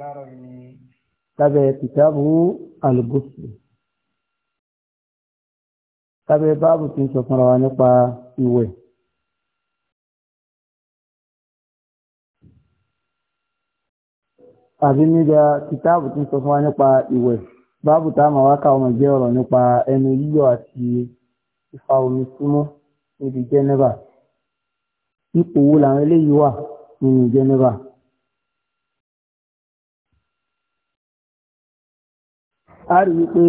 láàárọ̀ ni. Tabe, kìtàbù al-ghusl lábẹ́ báàbù tí ń sọ fúnra wa nípa ìwẹ̀. àbí nígbà kìtàbù tí ń sọ fún wa nípa ìwẹ̀ báàbù tá a máa wá káwọn máa jẹ́ ọ̀rọ̀ nípa ẹnu yíyọ àti ìfa omi súnmọ́ níbi jẹ́nẹ́bà ipò wo làwọn eléyìí wà nínú jẹ́nẹ́bà. a rí wípé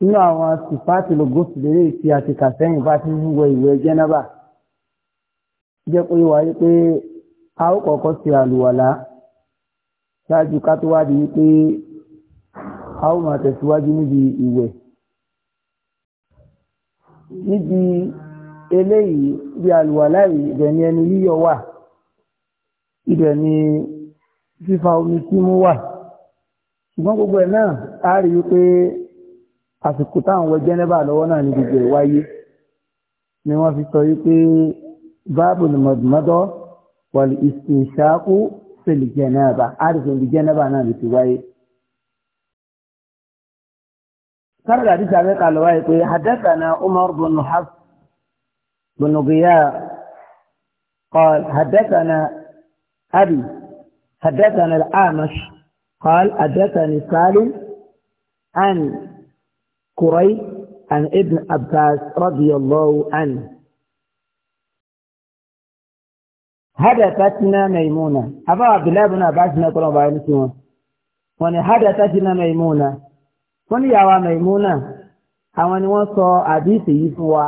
nínú àwọn sípáàtì lògóòsì lérè tí a ti kà sẹ́yìn bá ti ń wọ ìwẹ̀ jẹ́nàbà jẹ́ pé wáyé pé a ó kọ́kọ́ ṣe àlùwàlá ṣáájú ká tó wá di wípé a ó máa tẹ̀síwájú níbi ìwẹ̀ níbi eléyìí bí àlùwàlá yìí ibẹ̀ ni ẹnu yíyọ wà ibẹ̀ ni fífa omi símú wà ṣùgbọ́n gbogbo ẹ̀ náà a rí i pé àsìkò táwọn wọ jẹ́nẹ́bà lọ́wọ́ náà ní gbogbo ẹ̀ wáyé ni wọ́n fi sọ wípé báàbù ni mọ̀dùmọ́dọ́ wọ̀lì ìsìnṣáàkú fèlì jẹ́nẹ́bà a rí fèlì jẹ́nẹ́bà náà lè ti wáyé. sáradà àti sàbẹ́ kà lọ́wọ́ yìí pé hadathana umar bin hafs bin giya qal hadathana abi hadathana al-amash. قال حدثني سالم عن كري عن ابن عباس رضي الله عنه حدثتنا ميمونة أبا عبد الله بن عباس نقول أبا يمسون وأن حدثتنا ميمونة وأن يا ميمونة àwọn ni wọ́n sọ àdìsí yìí fún wa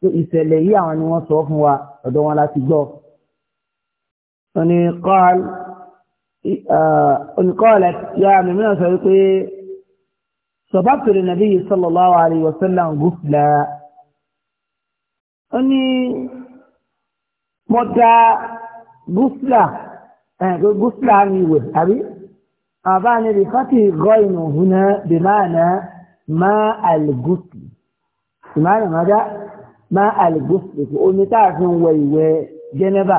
pé ìṣẹ̀lẹ̀ yìí àwọn ni wọ́n sọ fún wa ọ̀dọ̀ wọn láti gbọ́. wọ́n ní kọ́ọ̀lù olùkọ́ọ̀lẹ̀ ya mìíràn sọ wípé sọ̀bátìrì nàbí sallallahu alaihi wasallam gúfìlà ó ní mọ́dá gúfìlà ẹ̀kọ́ gúfìlà ní ìwẹ̀ àbí àbá ní rí fàtí gọ́ inú hùnà bí máa na máa àlùgúfìlì ìmáàlù mọ́dá máa àlùgúfìlì ó ní táàfin wẹ̀ ìwẹ̀ jẹ́nẹ́bà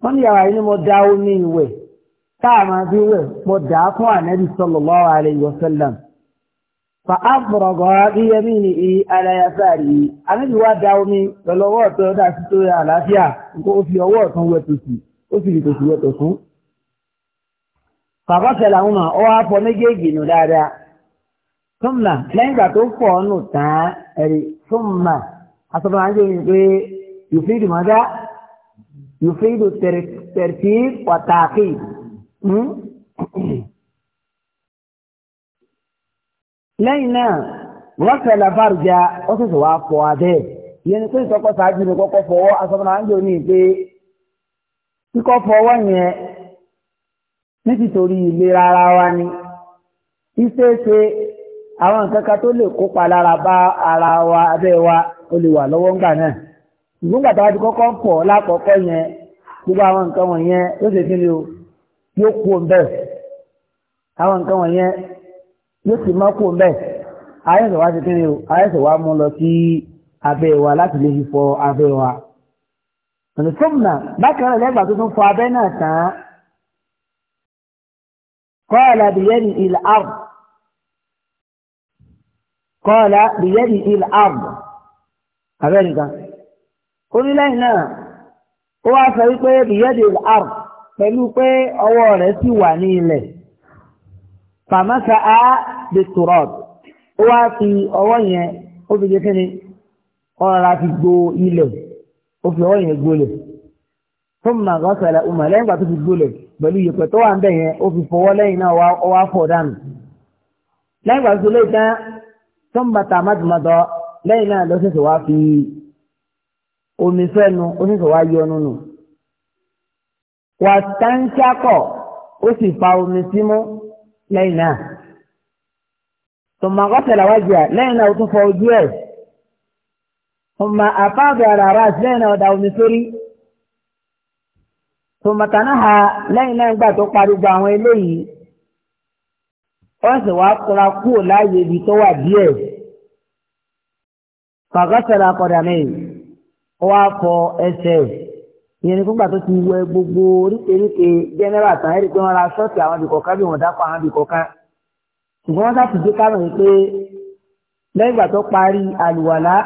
wọ́n ní yàrá yìí ni ó ní ìwẹ̀ táàmà fi wẹ̀ pọ̀ dàá fún ànábì sallallahu alayhi wa sallam fa afrọ̀gọ́ iyẹ́mí ni ìyí aláyàfáàrí yìí ànábì wá da omi pẹ̀lú ọwọ́ ọ̀tọ̀ ọ̀dà sí tó yẹ àlàáfíà nǹkan ó fi ọwọ́ ọ̀tún wẹ̀ tòsì ó fi tòsì wẹ̀ tòsún. bàbá kẹlà ń mà ọ wá méjèèjì nù dáadáa túmà lẹ́yìn ìgbà tó fọ̀ ọ́ tán ẹ̀rí lẹ́yìn náà wọ́n fẹ̀lẹ̀ fàrùjá ó sì sọ wá pọ̀ abẹ́ ìyẹn ni pé ìsọkọ̀ sáájú ni kọ́kọ́ fọwọ́ asọ́mọ́nà ń lò ní kíkọ́ fọwọ́ yẹn ìlera ara wa ni ìṣeéṣe àwọn nǹkan tó lè kópa lára bá wa abẹ́ wa ó lè wà lọ́wọ́ ńgbà náà ìgbóngbà tó pọ̀ lákọ̀ọ́kọ́ yẹn gbogbo àwọn nǹkan wọ̀nyẹn o. yóò kú òun bẹ́ẹ̀ àwọn nǹkan wọ̀nyẹn yóò sì máa kú òun bẹ́ẹ̀ ayẹ́sẹ̀ wá ti kí ni o ayẹ́sẹ̀ wá mú lọ sí abẹ́ wa láti lè fi fọ abẹ́ wa. ọ̀nà sọ́mùnà bákan náà lẹ́gbàá tó fọ abẹ́ náà tán kọ́ọ̀lá bìyẹ́nì ilẹ̀ àrùn kọ́ọ̀lá bìyẹ́nì ilẹ̀ àrùn abẹ́ nìkan onílẹ̀yìn náà ó wá sọ wípé bìyẹ́nì ilẹ̀ àrùn pẹ̀lú pé ọwọ́ rẹ̀ sì wà ní ilẹ̀ fàmásà á di turọ̀d ó wá fi ọwọ́ yẹn ó fi jẹ́ kíni ọ̀rọ̀ fi gbo ilẹ̀ ó fi ọwọ́ yẹn gbolẹ̀ fún màgọ́sẹ̀lẹ̀ ọmọ lẹ́yìn ìgbà tó fi gbolẹ̀ pẹ̀lú yẹpẹ̀ tó wà ń bẹ̀ yẹn ó fi fọwọ́ lẹ́yìn náà ó wá fọ̀ dànù lẹ́yìn ìgbà tó lè tán tó bàtà mádùmádọ́ lẹ́yìn náà ló wá fi omi fẹ́nu ó ṣẹ̀ṣẹ̀ wá yọ nínú wà táǹkìákọ̀ ó sì fa omi símú lẹ́yìn náà tòmọ̀ àkọ́tẹ̀lá wájú ẹ̀ lẹ́yìn náà ó tún fọ ojú ẹ̀ tòmọ̀ àfáàbẹ̀ ara ara lẹ́yìn náà ó da omi sórí tòmọ̀ tànáhà lẹ́yìn náà gbà tó parí àwọn eléyìí ó sì wá kura kúrò láàyè ibi tó wà díẹ̀ fàkọ́tẹ̀lá kọ̀dà mẹ́yìn ó wá fọ ẹsẹ̀ ìyẹn ni fúngbà tó ti wẹ gbogbo oríkèéríkè jẹ́nẹ́rà tán ẹ̀rí pé wọ́n ra ṣọ́ọ̀tì àwọn ibìkọ̀ọ̀kan bí wọ́n dápọ̀ àwọn ibìkọ̀ọ̀kan ṣùgbọ́n wọ́n sáà ti dé yìí pé ìgbà tó parí àlùwàlá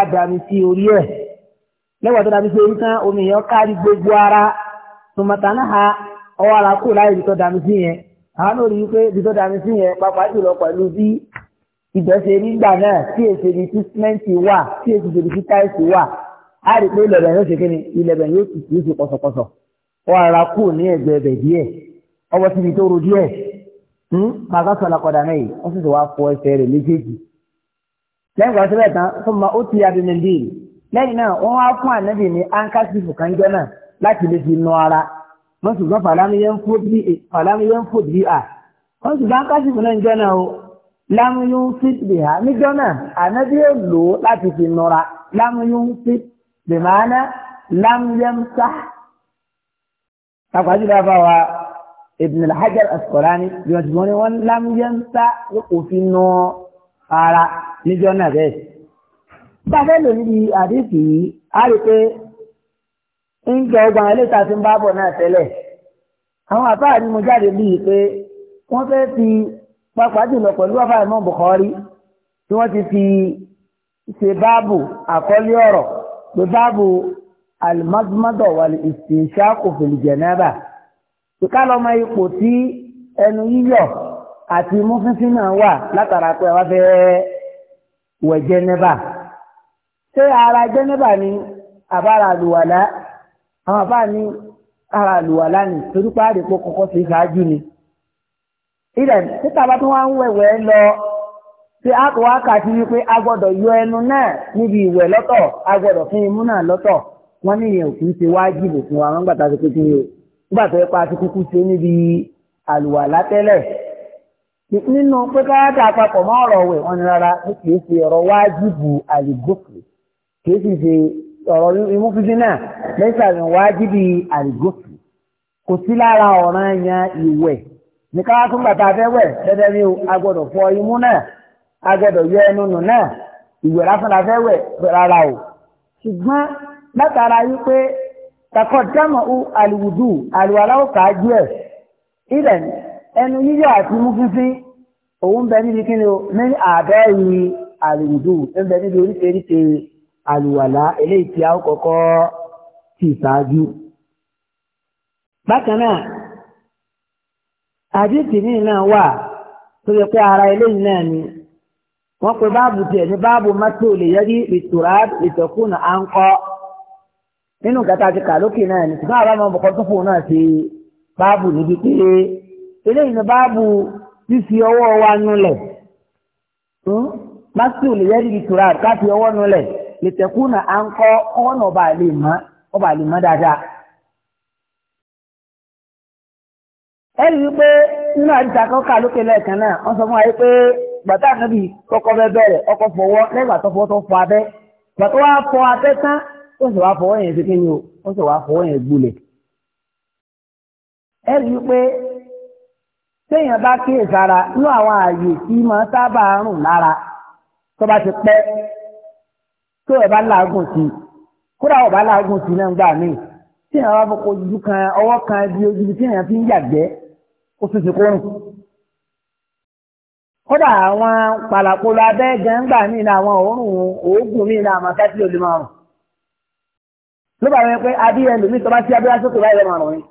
àdàmì sí orí tó gbogbo ara ha ara kù ibi tó sí yẹn àwọn rí i pé ibi tó sí yẹn nígbà náà tí wà tí a rí pé ilẹ̀bẹ̀ yóò ṣe kíni ilẹ̀bẹ̀ yóò tù sí ìṣe pọ̀sọ̀pọ̀sọ̀ ó ara kù ní ẹ̀gbẹ́ ẹ̀bẹ̀ díẹ̀ ọwọ́ síbi tó ro díẹ̀ màgá hmm? sọ̀lá kọ̀dà náà yìí ó sì ti wá fọ ẹsẹ̀ rẹ̀ méjèèjì lẹ́yìn ìgbà síbẹ̀ tán tó ma ó ti abìnrin bíi lẹ́yìn náà wọ́n wá fún ànábì ní ankasifu kanjọ́ náà láti lè fi nù ara wọ́n sì gbọ́ fàlámiyé bí a eh, wọ́n sì gbọ́ ankasifu náà bìmánà lámúyẹ́mùsá àpàtì dáfà wa Ibn al-Hajar al-Asqalani bí wọ́n ti mọ́ ni wọ́n lámúyẹ́mùsá ló kò fi nà ara níjọ́ náà bẹ́ẹ̀. Bàbá èlò níbi àdéhùn yìí, a rí pé ń jẹ ọgbà ẹlẹ́ta tí ń bá bọ̀ náà tẹ́lẹ̀. Àwọn àbáà ni mo jáde bíi pé wọ́n fẹ́ fi pàápàá jùlọ pẹ̀lú bàbá ìmọ̀ Bukhari tí wọ́n ti fi ṣe báàbù àkọ́lé ọ̀rọ̀ pé báàbù alimadumadu wàlí ìsìnṣàkó fèlì jẹnẹba pé ká lọ́mọ ipò tí ẹnu yíyọ àti imú fífín náà wà látara pé wá fẹ́ wẹ̀ jẹnẹba ṣé ara jẹnẹba ni àbára àlùwàlá àwọn àbá ni ara àlùwàlá ni torí páàdì kó kọ́kọ́ sí ṣáájú ni. ilẹ̀ títà bá tún wá ń wẹ̀wẹ̀ lọ tí a kò wá kà sí wípé a gbọ́dọ̀ yọ ẹnu náà níbi ìwẹ̀ lọ́tọ̀ a gbọ́dọ̀ fún imú náà lọ́tọ̀ wọ́n ní ìyẹn òkú ṣe wájìbì fún wa wọ́n gbàtà sí pé kí ni o nígbà tó yẹ pa sí kúkú ṣe níbi àlùwàlá tẹ́lẹ̀ nínú pé káyàtà àpapọ̀ mọ́ ọ̀rọ̀ wẹ̀ wọ́n ní rárá ní kìí ṣe ọ̀rọ̀ wájìbù àlùgòkè kìí sì ṣe ọ̀rọ̀ imú fífi náà lẹ́sà ní wájìbì agbẹ́dọ̀ yọ ẹnu nù náà ìwẹ̀ lásán la fẹ́ wẹ̀ rárá o ṣùgbọ́n látara yí pé takọ dámọ̀ ó àlùwùdù àlùwàláwò kà á díẹ̀ ilẹ̀ ẹnu yíyọ àti mú fífín òun bẹ níbi kí ni o ní àbẹ́rì àlùwùdù ń bẹ níbi oríṣiríṣi àlùwàlá eléyìí tí a ó kọ́kọ́ tì ṣáájú. bákan náà àdìsí mi náà wà tó yẹ pé ara eléyìí náà ni wọ́n pe báàbù tiẹ̀ ní báàbù mọ́tò lè yẹrí ìtura ìtọ́kùnà à ń kọ́ nínú kàtà àti náà ní ṣùgbọ́n àbámọ́ tó fò náà ṣe báàbù níbi pé eléyìí ní báàbù fífi ọwọ́ wa nulẹ̀ hmm? mọ́tò lè yẹrí ìtura káfí ọwọ́ nulẹ̀ à ń kọ́ ọwọ́ náà ọba àlè ọba àlè mọ́ dáadáa. nínú àdìsá lókè lẹ́ẹ̀kan náà wọ́n sọ fún wa bàtà ànábì kọ́kọ́ fẹ́ bẹ̀rẹ̀ ọkọ̀ fọwọ́ lẹ́gbàá tó fọ́ tó fọ abẹ́ bàtà wàá fọ abẹ́ tán ó sì wàá fọwọ́ yẹn ṣèkéyìn o ó sì wàá fọwọ́ yẹn gbúlẹ̀. ẹ rí i pé téèyàn bá kíyè sára ní àwọn ààyè tí máa sábà rùn lára tó bá ti pẹ́ tó ẹ̀ bá làágùn sí kódà ọ̀bá làágùn sí náà gbà míì téèyàn bá fọkọ̀ ojú kan ọwọ́ kan ibi ojú tí èèyàn fi ń yàgbẹ́ ó sì ti kórùn kódà àwọn pàlàpolo abẹ́ gangba mi ní àwọn òórùn òógùn mi ní àwọn akẹ́kẹ́ tí olè máa rùn ló bá yẹ pé abíyẹn lòmí tó bá sí abíyá sókè báyìí lè máa rùn yìí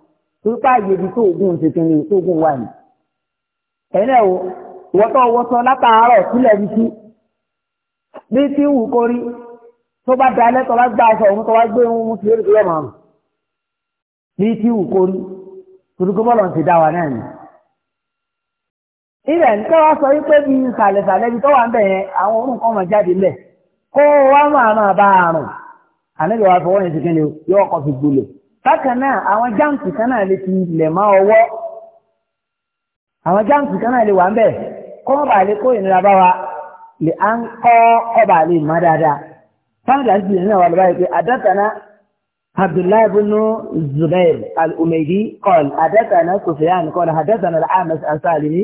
tó pààyè ibi tó ògùn tuntun ni tó ògùn wà ní. ẹ̀yin o wo wọ́tọ̀ wọ́tọ̀ látàárọ̀ sílẹ̀ bí sí bí tí wù kórí tó bá da alẹ́ tó bá gbá aṣọ òun tó bá gbé ohun ti lórí tó yẹ máa rùn bí tí wù kórí torí gbọ́dọ̀ ti dá wa náà nìyẹn ilẹ̀ ń tẹ́wà sọ wípé bí ìsàlẹ̀sàlẹ̀ ibi tó wà ń bẹ̀ yẹn àwọn orun kan mọ̀ jáde lẹ̀ kó wá máa máa bá àrùn ànábì wa fọwọ́ yẹn ti kíni yóò kọ́ fi gbolẹ̀ bákan náà àwọn jáǹtì kan náà lè ti ilẹ̀ mọ́ ọwọ́ àwọn jáǹtì kan náà lè wà ń bẹ̀ kó wọ́n bá lè kó ìnira bá wa lè à ń kọ́ ọba lè má dáadáa sáńdà sì ní àwọn àlùbáyé pé àdàtàná Abdullahi bin Zubair al-Umaydi qala àdàtàná Sufyan qala àdàtàná al-Amash as-Salimi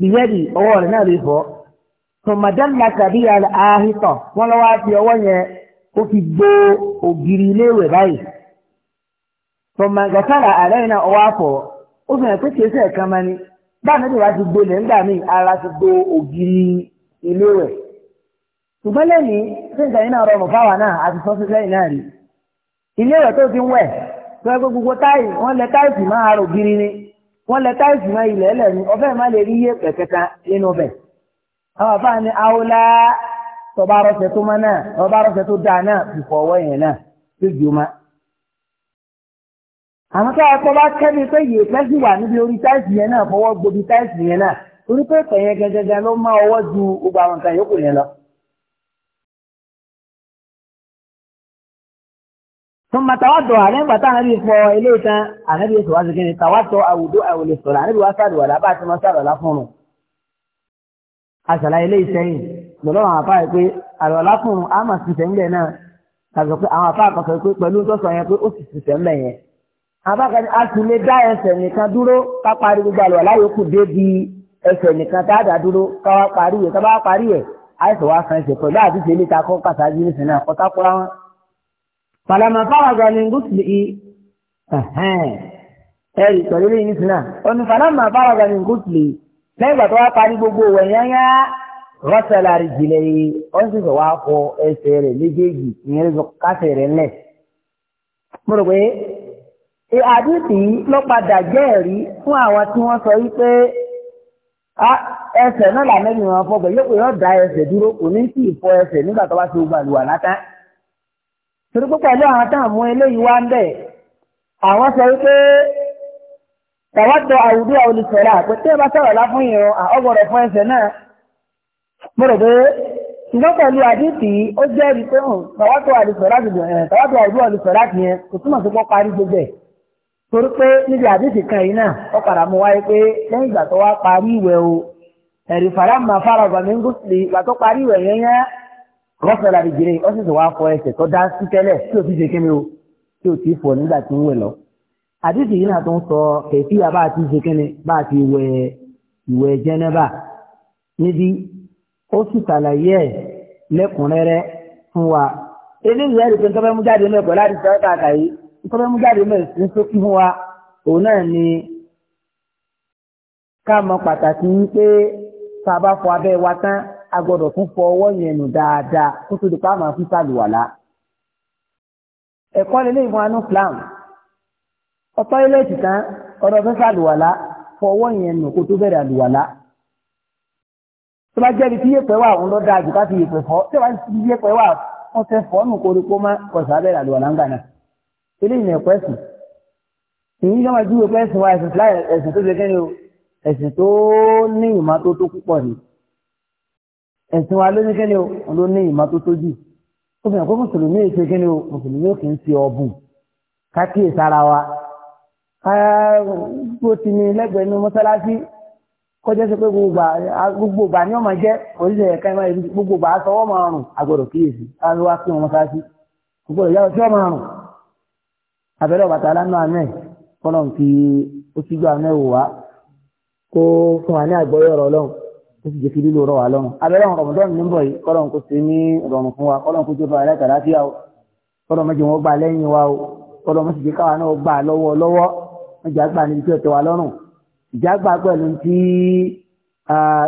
bìyẹ́dì ọwọ́ rẹ̀ náà lè fọ́ tòmọ̀dánlá tàbí àhìtọ̀ wọ́n lọ́wọ́ á fi ọwọ́ yẹn ó fi gbó ògiri iléèwẹ̀ báyìí tòmọ̀gàtàrà àlẹ́yìn náà ọwọ́ àfọ̀ ó fi hàn pé kìí sẹ́ẹ̀ kan báà wàá ti gbó lẹ̀ wọ́n lẹ táìsì mọ́ ilẹ̀ ẹlẹ́nu ọ̀fẹ́ má lè rí iye pẹ̀kẹta nínú bẹ̀. àwọn àbá ni aola tọba arọsẹ tó má náà tọba arọsẹ tó dáa náà fìfọ ọwọ́ yẹn náà tó jù má. àwọn tó ọkọ bá kẹ́mi pé iye pẹ́ sì wà níbi orí táìsì yẹn náà fọwọ́ gbobi táìsì yẹn náà torí pé pẹ̀yẹ gẹ́gẹ́ ló má ọwọ́ ju gbogbo àwọn nǹkan yòókù yẹn lọ. ثم توضع عليه بتاع النبي فو إليتا النبي صلى الله عليه وسلم توضع أو دعاء للصلاة النبي وصل ولا بعد ما صار ولا فونه أصلا إليتا lọ́lọ́ àwọn afáà pé àlọ́lá fún un á mà sì sẹ́ńgbẹ̀ náà tàbí pé àwọn afáà kan sọ pé pẹ̀lú tó sọ yẹn pé ó sì sì sẹ́ńgbẹ̀ yẹn. abákan a sì lè dá ẹsẹ̀ nìkan dúró ká parí gbogbo àlọ́ aláyòókù débi ẹsẹ̀ nìkan tá a dá dúró ká wá parí yẹ ká bá parí yẹ àìsàn wá san ẹsẹ̀ pẹ̀lú àdìsẹ́ ilé ta kọ́ kàtàkì nísìnyí náà ọ̀tá kúra wọn pàlámà fáwàgbà ní gúúsùlù i ẹ̀rì pẹ̀lú ní ìsìn náà ó ní pàlámà fáwàgbà ní gúúsùlù i lẹ́yìn ìgbà tó wá parí gbogbo òwò ẹ̀yáyá rọ́tẹ̀lá rí jìnlẹ̀ yìí ó sì sọ wá fọ ẹsẹ̀ rẹ̀ méjèèjì ìyẹn ló kásẹ̀ rẹ̀ ńlẹ̀. mo rò pé ẹ àdìsí ló padà jẹ́ ẹ̀rí fún àwọn tí wọ́n sọ wípé ẹsẹ̀ náà làmẹ́rin wọn fọ bẹ̀ yóò pé yóò da ẹsẹ̀ dúró kò ní sí ìfọ ẹsẹ̀ nígbà tó bá ti gbàlùwà látàn torí pé pẹ̀lú àwọn táàmù eléyìí wá ń bẹ̀ àwọn sọ wípé tàwádọ̀ àwùjọ olùsọ̀rọ̀ àpẹtẹ́ bá sọ̀rọ̀ lá fún ìran ọgọ̀rọ̀ fún ẹsẹ̀ náà mo rò pé ṣùgbọ́n pẹ̀lú àdìsí ó jẹ́ ẹ̀rí pé hàn tàwádọ̀ àwùjọ olùsọ̀rọ̀ àti yẹn kò túmọ̀ sí pọ́ parí gbogbo ẹ̀ torí pé níbi àdìsí kan yìí náà ó padà mú wáyé pé lẹ́yìn ìgbà tó wá parí ìwẹ̀ o ẹ̀rí fàrà máa fara ọ̀gbà mi ń gòsìlè ìgbà tó rọ́fẹ́ la dìgbére ó sì sọ wá fọ ẹsẹ̀ tó dá sí tẹ́lẹ̀ tí o ti ṣe kí ni o tí o ti fọ nígbà tí ń wẹ̀ lọ. àdìsí yìí náà tó ń sọ kẹ̀kíyà bá a ti ṣe kí ni bá a ti wẹ̀ ìwẹ̀ jẹ́nẹ́bà níbi ó sì ṣàlàyé ẹ̀ lẹ́kùnrẹ́rẹ́ fún wa. eléyìí ẹ̀rí pé ntọ́fẹ́ mú jáde mẹ́kọ̀ọ́ láti sọ ẹ́ kàkà yìí ntọ́fẹ́ mú jáde mẹ́kọ̀ọ́ ní sókí fún wa òun náà ni ká mọ pàtàkì wípé tá a bá fọ abẹ́ wa tán a gbọ́dọ̀ tún fọ ọwọ́ yẹn nù dáadáa kó tó di pa máa fi sàlùwàlá. ẹ̀kọ́ lè léyìn fún anú flam ọ̀tọ́ ilé ìtìtàn ọ̀dọ̀ fẹ́ sàlùwàlá fọ ọwọ́ yẹn nù kó tó bẹ̀rẹ̀ àlùwàlá. tó bá jẹ́bi tí yẹ̀pẹ̀ wà ń lọ dáa jù ká fi yẹ̀pẹ̀ fọ́ tó bá ti yẹ̀pẹ̀ wà wọ́n fẹ́ fọ́ nù koríko má kọ̀sà bẹ̀rẹ̀ àlùwàlá ń náà. eléyìí ẹ̀kọ́ ẹ̀kọ́ ẹ̀sìn wa ẹ̀sìn tó ṣe kẹ́ni o ẹ̀sìn tó ní ìmọ́tótó púpọ̀ ẹ̀sìn wa ló ní kẹ́ni o ló ní ìmọ́tótó jù ó fi hàn pé mùsùlùmí èsì kẹ́ni o mùsùlùmí ò kì í ṣe ọ̀bùn kákìí sára wa bó ti ní lẹ́gbẹ̀ẹ́ inú mọ́sálásí kọjá sí pé gbogbo ìgbà ni ọmọ jẹ́ oríṣẹ́ ẹ̀ka ìmọ̀ ìlú gbogbo ìgbà aṣọ ọmọ ọrùn agbọ̀dọ̀ kíyèsí láti wá sí mọ́sálásí gbogbo ìyá ọtí ọmọ ọrùn abẹ́rẹ́ ọ̀bàtà lánà àmẹ́ kọ́nà kí ó síjú àmẹ́ wò wá kó fún wa ní àgbọ́yọ̀ ọlọ́run ó sì jẹ́ kí lílo rọ̀ wá lọ́rùn abẹ́rẹ́ àwọn ọmọdé ọ̀nà níbọ̀ yìí kọ́lọ́n kó ṣe ní rọrùn fún wa kọ́lọ́n kó jọba aláìka láfíà o kọ́lọ́n mọ́jọ wọn gbà lẹ́yìn wa o kọ́lọ́n mọ́sí jẹ́ káwa náà gbà lọ́wọ́ lọ́wọ́ mọ́jà gbà níbi tí ọ̀tẹ̀ wa lọ́rùn ìjà gbà pẹ̀lú tí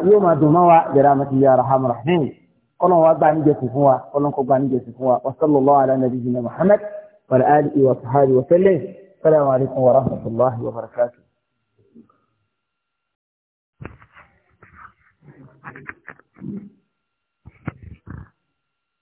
yóò máa dùn mọ́ wa jẹ̀rẹ̀ àmọ́ ti yà rahman rahim wa gbà níjẹ̀sìn fún wa kọ́lọ́n kó gbà níjẹ̀sìn fún wa Mm-hmm.